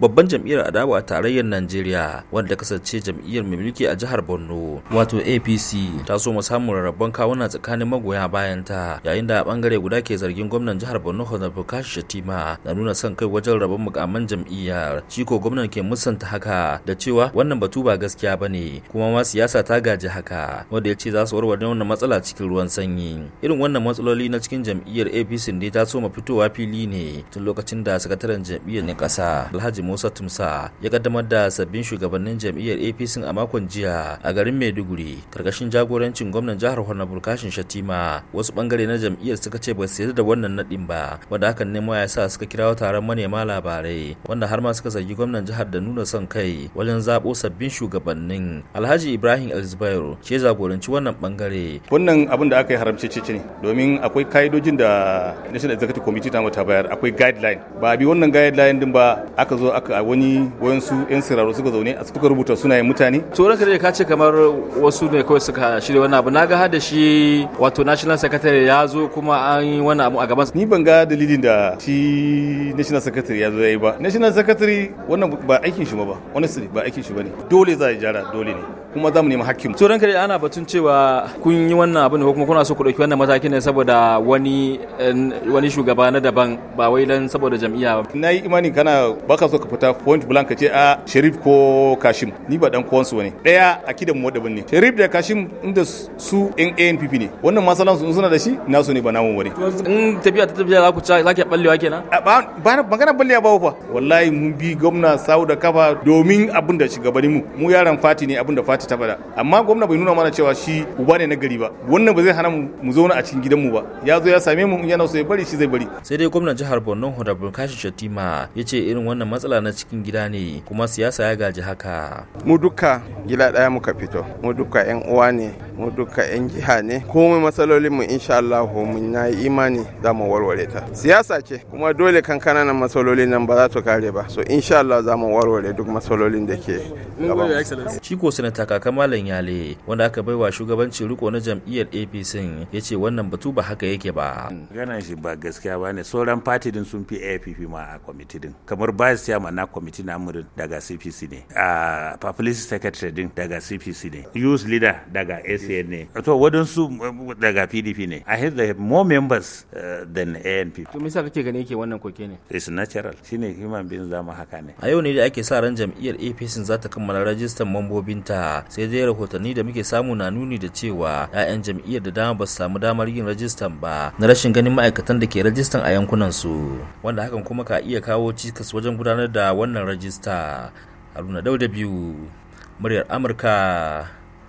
babban jam'iyyar adawa a tarayyar najeriya wanda kasance jam'iyyar mai mulki a jihar borno wato apc ta so samun rarrabon kawuna tsakanin magoya bayan ta yayin da a bangare guda ke zargin gwamnan jihar borno honorable kashi shatima na nuna son kai wajen rabon mukaman jam'iyyar shi ko gwamnan ke musanta haka da cewa wannan batu ba gaskiya ba ne kuma ma siyasa ta gaji haka wanda ya ce za su warware wannan matsala cikin ruwan sanyi irin wannan matsaloli na cikin jam'iyyar apc ne ta so fitowa fili ne tun lokacin da sakataren jam'iyyar ne kasa alhaji musa tumsa ya kaddamar da sabbin shugabannin jam'iyyar apc a makon jiya a garin maiduguri karkashin jagorancin gwamnan jihar honorable kashin shatima wasu bangare na jam'iyyar suka ce ba su yarda da wannan nadin ba wanda hakan ne ya sa suka kirawo taron manema labarai wanda har ma suka zargi gwamnan jihar da nuna son kai wajen zabo sabbin shugabannin alhaji ibrahim alzubairo ce jagoranci wannan bangare wannan abin da aka yi haramce ce ne domin akwai ka'idojin da national executive committee ta bayar akwai guideline ba bi wannan guideline din ba aka zo aka wani wayansu yan siraro suka zaune a suka rubuta sunayen mutane to ranka da ka ce kamar wasu ne kawai suka shirya wannan abu naga har da shi wato national secretary ya zo kuma an yi wannan abu a gaban ni ban ga dalilin da shi national secretary ya zo yayi ba national secretary wannan ba aikin shi ba honestly ba aikin shi bane dole za ya jara dole ne kuma za mu nemi hakkin mu. Turan dai ana batun cewa kun yi wannan abin ko kuma kuna so ku dauki wannan matakin ne saboda wani eh, wani shugaba na daban ba wai dan saboda jam'iyya ba. Na yi imani kana baka so ka fita point blank ce a ah, Sharif ko Kashim ni ba dan kuwansu ne. Daya akidan mu daban ne. Sharif da Kashim inda su in ANPP ne. Wannan masalan su suna da shi nasu ne ba namu wani. In tafiya ta tafiya za ku ci za ki ballewa kenan. Ba magana ballewa ba fa. Wallahi mun bi gwamna Sauda da kafa domin abin da gabanin mu mu yaran fati ne abin da fati ci ta fada amma gwamna bai nuna mana cewa shi uba ne na gari ba wannan ba zai hana mu zauna a cikin gidanmu ba ya zo ya same mu yana so ya bari shi zai bari sai dai gwamnan jihar Borno Honorable Kashi Shatima ya ce irin wannan matsala na cikin gida ne kuma siyasa ya gaji haka mu duka gida daya muka fito mu duka yan uwa ne mu duka 'yan jiha ne komai matsalolin mu insha Allah mun na yi imani za mu warware ta siyasa ce kuma dole kan kananan matsalolin nan ba za su kare ba so insha Allah za mu warware duk matsalolin da ke shi ko sanata kaka malam yale wanda aka baiwa shugabancin riko na jam'iyyar APC ya ce wannan batu ba haka yake ba gana shi ba gaskiya ba ne sauran party din sun fi APP ma a committee din kamar vice chairman na committee na amurin daga CPC ne a ah, public secretary din daga CPC ne youth leader daga AC CNN. to wadansu eh, daga PDP ne I hear they have more members uh, than ANP to me kake gani yake wannan koke ne it's natural shine human beings zama haka ne a yau ne da ake sa ran jam'iyyar APC za ta kammala rajistar mambobinta sai dai rahotanni da muke samu na nuni da cewa 'ya'yan jam'iyyar da dama ba su samu damar yin rajistan ba na rashin ganin ma'aikatan da ke rajistar a yankunan su wanda hakan kuma ka iya kawo cikas wajen gudanar da wannan rajista haruna dauda biyu muryar amurka